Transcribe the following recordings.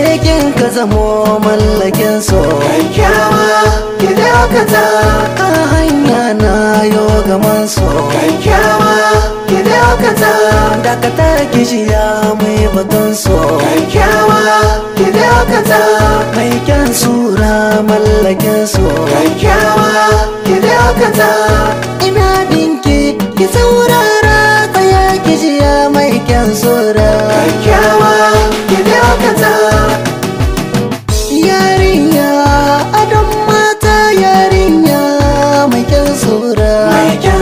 kekin ka zamo mallakin so kyakkyawa ki dakata a hanya na yo gaman so kyakkyawa ki dakata dakata kishiya mai batun so kyakkyawa ki dakata mai kyan sura mallakin so kyakkyawa ki dakata ina binki ki saurara tsaya kishiya mai kyan sura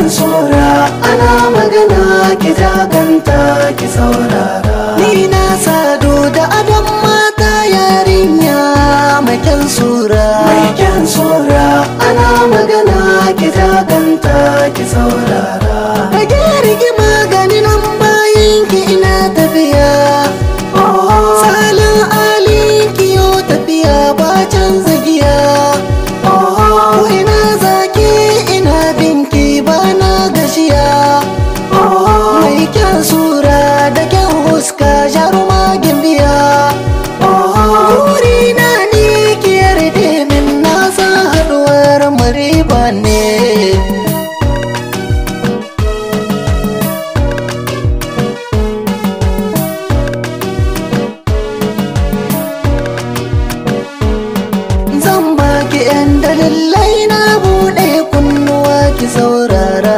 zan tsora ana magana ki jaganta ki saurara ni na sado da adon mata yarinya mai kyan tsora mai kyan tsora ana magana ki jaganta ki saurara lallai na buɗe kunnuwa ki saurara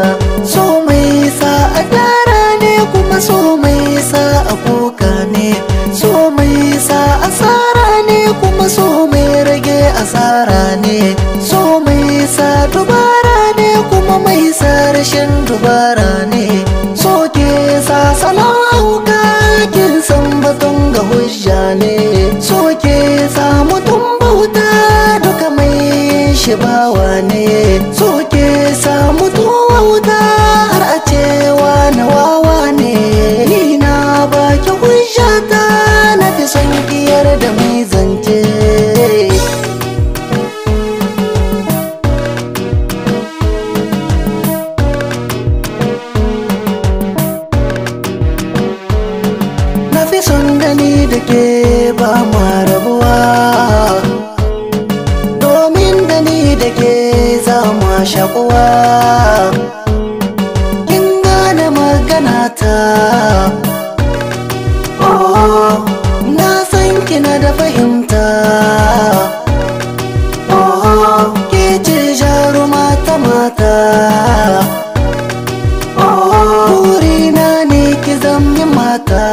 so mai sa a gyara ne kuma so mai sa a kuka ne so mai sa asara ne kuma so mai rage asara ne so mai sa dubara ne kuma mai sa rashin dubara ne so ke sa salon hauka kin san batun ga ce bawa ne soke samu tuwauta har a cewa na wawa ne ni na baki hujjata na fi son kiyar da mai zance na fi son gani da ke ba ma rabuwa shakuwa kin gane magana ta oh, na san kina da fahimta oh ke ce ta mata oh ne ki zammi mata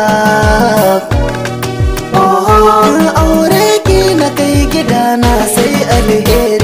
oh aure ki na kai gidana sai alheri